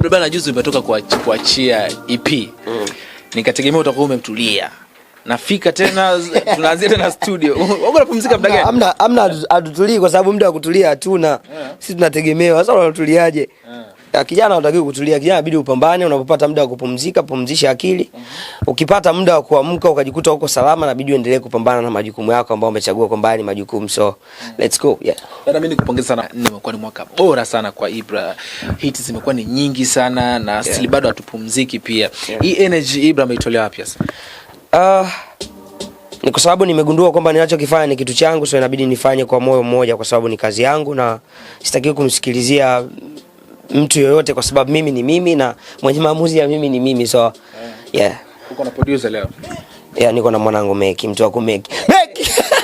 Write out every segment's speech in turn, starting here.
Yule bana juzi umetoka kuachia EP. Mm. Nikategemea utakuwa umemtulia. Nafika tena tunaanzia tena studio. wako unapumzika muda gani? amna amna hatutulii kwa sababu muda wa kutulia hatuna. Sisi tunategemewa. Sasa unatuliaje? Yeah. Eh, kijana unatakiwa kutulia. Kijana inabidi upambane, unapopata muda wa kupumzika, pumzisha akili. Ukipata muda wa kuamka ukajikuta uko salama, inabidi uendelee kupambana na majukumu yako ambayo umechagua kwamba ni majukumu. So let's go. Yeah. Na mimi nikupongeza sana, nimekuwa ni mwaka bora sana kwa Ibra. Hits zimekuwa ni nyingi sana na yeah. Still bado hatupumziki pia. Yeah. Hii energy Ibra ameitolea wapi sasa? Uh, ni kwa sababu nimegundua kwamba ninachokifanya ni kitu changu, so inabidi nifanye kwa moyo mmoja, kwa sababu ni kazi yangu na sitakiwi kumsikilizia mtu yoyote kwa sababu mimi ni mimi na mwenye maamuzi ya mimi ni mimi so yeah. Uko na producer leo? Yeah, niko na mwanangu Meki, mtu wa kumeki. Meki.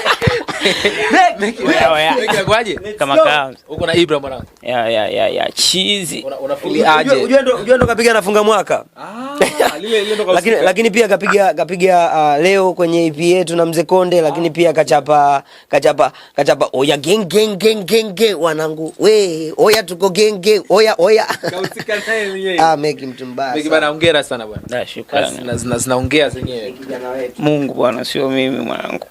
Unajua ndo kapiga nafunga mwaka ah, lakini, lakini pia kapiga kapiga uh, leo kwenye EP yetu na Mzee Konde lakini ah. pia kachapa kachapa kachapa oya genge genge wanangu we oya tuko genge oya oya ah, Meki mtu mbaya. bana, hongera sana bwana. shukrani. Zinaongea zenyewe. Mungu bwana, sio mimi mwanangu.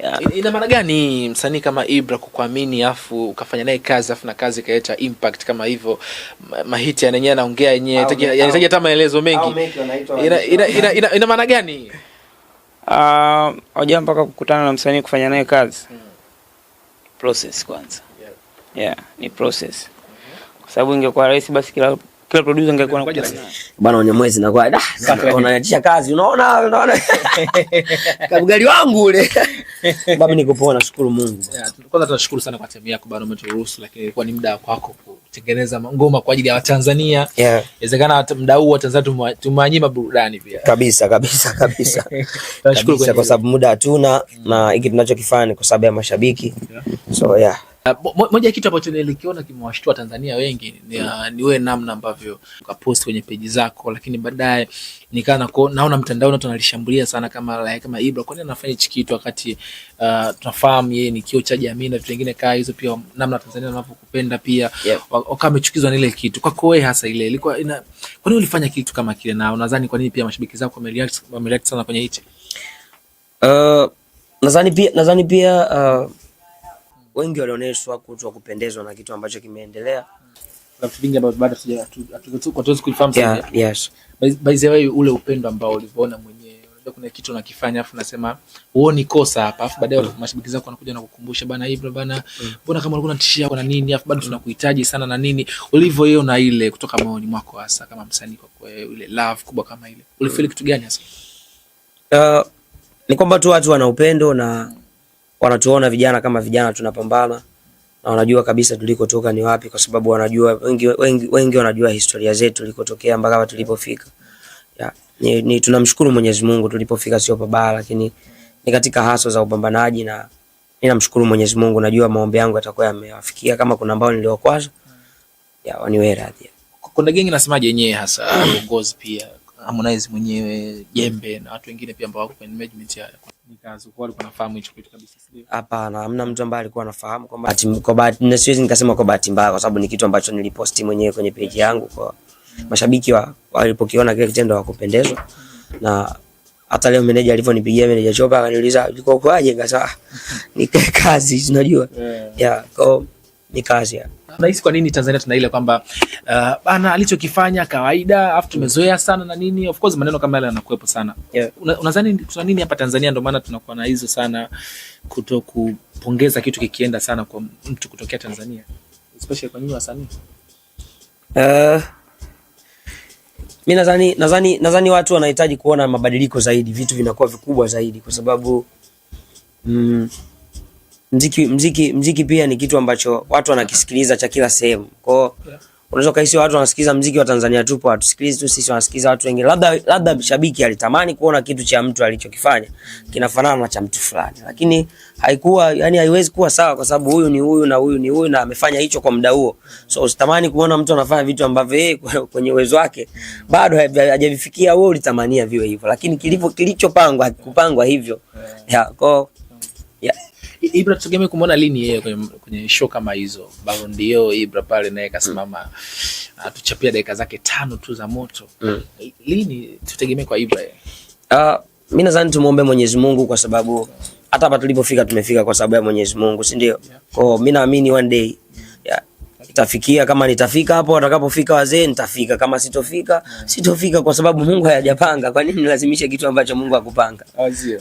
Eh. Ina maana gani? gani msanii kama Ibra kukuamini afu ukafanya naye kazi afu na kazi ikaleta impact kama hivyo? Mahiti yenyewe anaongea yenyewe, yanahitaji hata maelezo mengi. Ina, ina, ina, ina, ina maana gani? Ah, uh, hoja mpaka kukutana na msanii kufanya naye kazi. Hmm. Process kwanza. Yeah, yeah ni process. Mm -hmm. Kwa sababu ingekuwa rahisi basi kila kila producer angekuwa na anakuja bwana wenye mwezi na kwa da unaniachisha kazi, unaona unaona kabugari wangu ule babu, niko poa, nashukuru Mungu. Kwanza tunashukuru sana kwa timu yako bwana, umeturuhusu lakini ilikuwa ni muda wako kutengeneza ngoma kwa ajili ya Watanzania. Inawezekana yeah. muda huu Watanzania tumewanyima burudani pia kabisa kabisa kabisa tunashukuru kwa sababu muda hatuna mm. na hiki tunachokifanya ni kwa sababu ya mashabiki, yeah. so yeah Uh, moja ya kitu ambacho nilikiona kimewashtua Tanzania wengi ni, uh, ni wewe namna ambavyo ukaposti kwenye peji zako, lakini baadaye nikaa naona mtandaoni watu wanalishambulia sana kama like, kama Ibra, kwani anafanya hichi kitu wakati uh, tunafahamu yeye ni kio cha jamii na vitu vingine kaa hizo, pia namna Tanzania wanavyokupenda pia yeah. Wakawa wamechukizwa na ile kitu kwako wewe hasa ile ilikuwa ina, kwa nini ulifanya kitu kama kile, na unadhani kwa nini pia mashabiki zako wamereact sana kwenye hichi? Uh, nadhani pia nadhani pia uh wengi walionyeshwa kuto kupendezwa na kitu ambacho kimeendelea. By the way, ule upendo ambao ulivyoona mwenyewe kuna kitu nakifanya afu nasema huoni kosa hapa, afu baadaye mm. mashabiki zako wanakuja na kukumbusha bana, hivyo bana, mm. mbona kama ulikuwa unatishia na nini, afu bado mm. tunakuhitaji sana na nini. na ile kutoka maoni mwako, hasa kama msanii, kwa ile love kubwa kama ile, ulifeel kitu gani hasa? Uh, Ni kwamba tu watu wana upendo na wanatuona vijana kama vijana tunapambana na wanajua kabisa tulikotoka ni wapi, kwa sababu wanajua wengi, wengi, wengi wanajua historia zetu tulikotokea mpaka hapa tulipofika. Ya, Ni, ni tunamshukuru Mwenyezi Mungu tulipofika sio pabaya, lakini ni katika haso za upambanaji na ninamshukuru Mwenyezi Mungu, najua maombi yangu yatakuwa yamewafikia. Kama kuna ambao niliokwaza ya waniwe radhi. Konde Gang nasemaje yenyewe hasa uongozi pia Harmonize mwenyewe Jembe na watu wengine pia ambao wako kwenye management ya Hapana, hamna mtu ambaye alikuwa anafahamu kwamba kwa bahati na siwezi nikasema kwa bahati mbaya, kwa sababu ni kitu ambacho niliposti mwenyewe kwenye peji yangu. Kwa mashabiki walipokiona kile kitendo wakupendezwa, na hata leo meneja alivyonipigia, meneja Chopa akaniuliza ilikuwa kwaje, nikasema ah, ni kazi, unajua yeah, yeah, kwa ni kazi ya Nahisi kwa nini Tanzania tuna ile kwamba uh, bana alichokifanya kawaida, afu tumezoea sana na nini, of course maneno kama yale yanakuwepo sana yeah. Unadhani nini hapa Tanzania? Ndio maana tunakuwa na hizo sana kuto kupongeza kitu kikienda sana kwa mtu kutokea Tanzania, especially kwa nyinyi wasanii uh, mi nadhani nadhani nadhani watu wanahitaji kuona mabadiliko zaidi, vitu vinakuwa vikubwa zaidi kwa sababu mm, mziki, mziki, mziki pia ni kitu ambacho watu wanakisikiliza cha kila sehemu. Kwa hiyo unaweza kuhisi watu wanasikiliza mziki wa Tanzania tu, hatusikilizi tu sisi, wanasikiliza watu wengine. Labda labda shabiki alitamani kuona kitu cha mtu alichokifanya kinafanana na cha mtu fulani, lakini haikuwa yani, haiwezi kuwa sawa, kwa sababu huyu ni huyu na huyu ni huyu na amefanya hicho kwa muda huo. So usitamani kuona mtu anafanya vitu ambavyo yeye kwenye uwezo wake bado hajavifikia, wewe ulitamania viwe hivyo, lakini kilipo kilichopangwa hakikupangwa hivyo yeah, kwa yeah. Ibra tutegemee kumwona lini yeye kwenye, kwenye show kama hizo? Ballon d'Or Ibra pale naye kasimama mm. atuchapia dakika zake tano tu za moto mm. Lini tutegemee kwa Ibra yeye? Uh, mimi nadhani tumuombe Mwenyezi Mungu kwa sababu hata hapa tulipofika tumefika kwa sababu ya Mwenyezi Mungu, si ndio? Yeah. Kwa oh, mimi naamini one day tafikia kama nitafika hapo, watakapofika wazee nitafika, kama sitofika sitofika, kwa sababu Mungu hayajapanga. Kwa nini nilazimishe kitu ambacho Mungu hakupanga?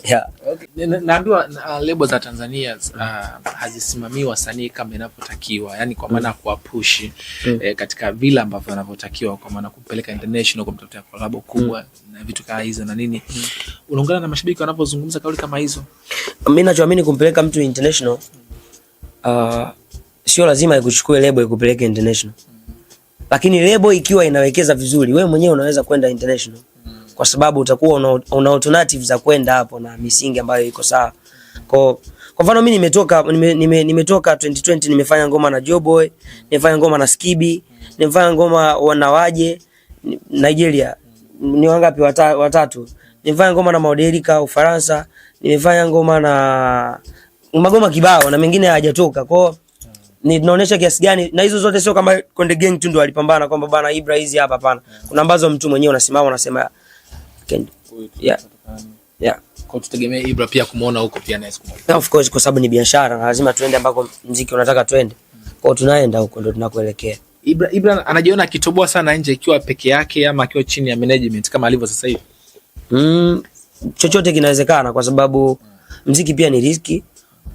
Yeah. Oh, okay. Naambiwa na uh, lebo za Tanzania uh, hazisimamii wasanii kama inavyotakiwa, yani kwa maana mm. kuwapush eh, mm. eh, katika vile ambavyo wanavyotakiwa, kwa maana kupeleka international, kumtafutia collab kubwa mm. na vitu kama hizo na nini mm. unaungana na mashabiki wanapozungumza kauli kama hizo, mimi ninachoamini kumpeleka mtu international uh, sio lazima ikuchukue lebo ikupeleke international. Lakini lebo ikiwa inawekeza vizuri, wewe mwenyewe unaweza kwenda international kwa sababu utakuwa una, una alternative za kwenda hapo na misingi ambayo iko sawa. Kwa kwa mfano mimi nimetoka nimetoka nime, nime, 2020 nimefanya ngoma na Joboy, nimefanya ngoma na Skibi, nimefanya ngoma wanawaje Nigeria. Ni wangapi wata, watatu. Nimefanya ngoma na Maudelika Ufaransa, nimefanya ngoma na magoma kibao na mengine hayajatoka. Kwa ninaonyesha kiasi gani, na hizo zote sio kama Konde Gang tu ndo alipambana kwamba bana Ibra hizi hapa, hapana. Kuna ambazo mtu mwenyewe unasimama unasema yeah. Yeah. Kwa tutegemea Ibra pia kumuona huko pia naye siku moja. Of course kwa sababu ni biashara na lazima tuende ambako mziki unataka tuende. Mm. Kwa hiyo tunaenda huko ndo tunakoelekea. Ibra, Ibra anajiona akitoboa sana nje ikiwa peke yake ama akiwa chini ya management kama alivyo sasa hivi. Mm, chochote kinawezekana kwa sababu mm. mziki pia ni riski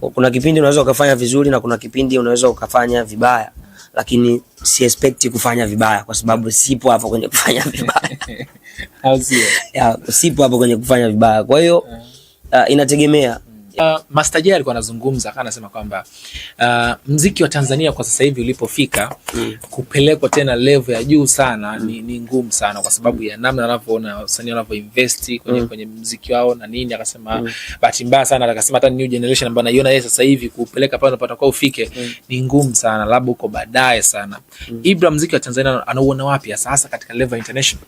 kuna kipindi unaweza ukafanya vizuri na kuna kipindi unaweza ukafanya vibaya, lakini si expect kufanya vibaya kwa sababu sipo hapo kwenye kufanya vibaya sipo hapo kwenye kufanya vibaya. Kwa hiyo eh. uh, inategemea Uh, Master Jay alikuwa anazungumza akawa anasema kwamba uh, mziki wa Tanzania kwa sasa hivi ulipofika mm. kupelekwa tena level ya juu sana mm. ni, ni ngumu sana kwa sababu ya namna wanavyoona wasanii wanavyoinvest kwenye, mm. kwenye mziki wao na nini akasema mm. bahati mbaya sana akasema hata new generation ambayo naiona yeye sasa hivi kupeleka pale unapata kwa ufike mm. ni ngumu sana labda uko baadaye sana mm. Ibra, mziki wa Tanzania anauona wapi hasa hasa katika level international?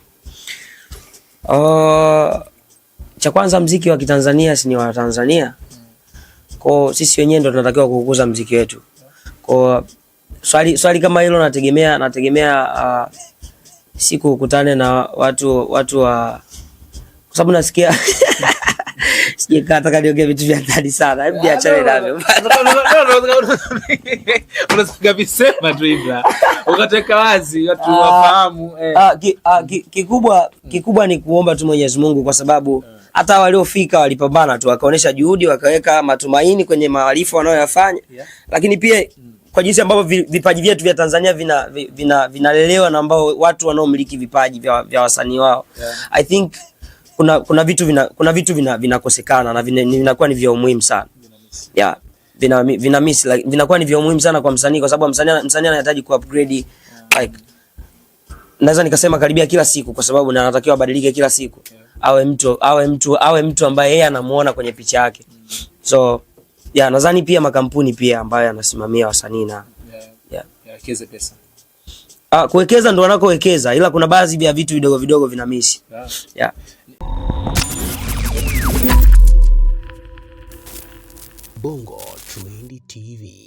Uh, cha kwanza mziki wa Kitanzania si ni wa Tanzania kwa sisi wenyewe ndo tunatakiwa kukuza mziki wetu. Kwa swali, swali kama hilo nategemea nategemea uh, siku ukutane na watu watu wa kwa sababu nasikia sijakataka niongee vitu vya ndani sana. Hebu niachane navyo. Unataka visema tu hivyo. Ukateka wazi watu ah, wafahamu. Eh. Ah, kikubwa kikubwa ni kuomba tu Mwenyezi Mungu kwa sababu eh hata waliofika walipambana tu, wakaonyesha juhudi, wakaweka matumaini kwenye maarifa wanayoyafanya yeah. Lakini pia kwa jinsi ambavyo vipaji vyetu vya Tanzania vinalelewa vina, vina na ambao watu wanaomiliki vipaji vya, vya wasanii wao yeah. I think kuna, kuna vitu vina, kuna vitu vinakosekana vina na vinakuwa vina vina ni vya umuhimu sana yeah vina vina miss like, vinakuwa ni vya muhimu sana kwa msanii kwa sababu msanii msanii anahitaji ku upgrade yeah. Like naweza nikasema karibia kila siku, kwa sababu anatakiwa abadilike kila siku yeah awe mtu awe mtu awe mtu ambaye yeye anamuona kwenye picha yake. So yeah, nadhani pia makampuni pia ambayo yanasimamia wasanii na yeah, yeah. Yawekeze pesa. Ah, kuwekeza ndo wanakowekeza, ila kuna baadhi ya vitu vidogo vidogo vinamisi. Yeah. Yeah. Bongo Trendy TV.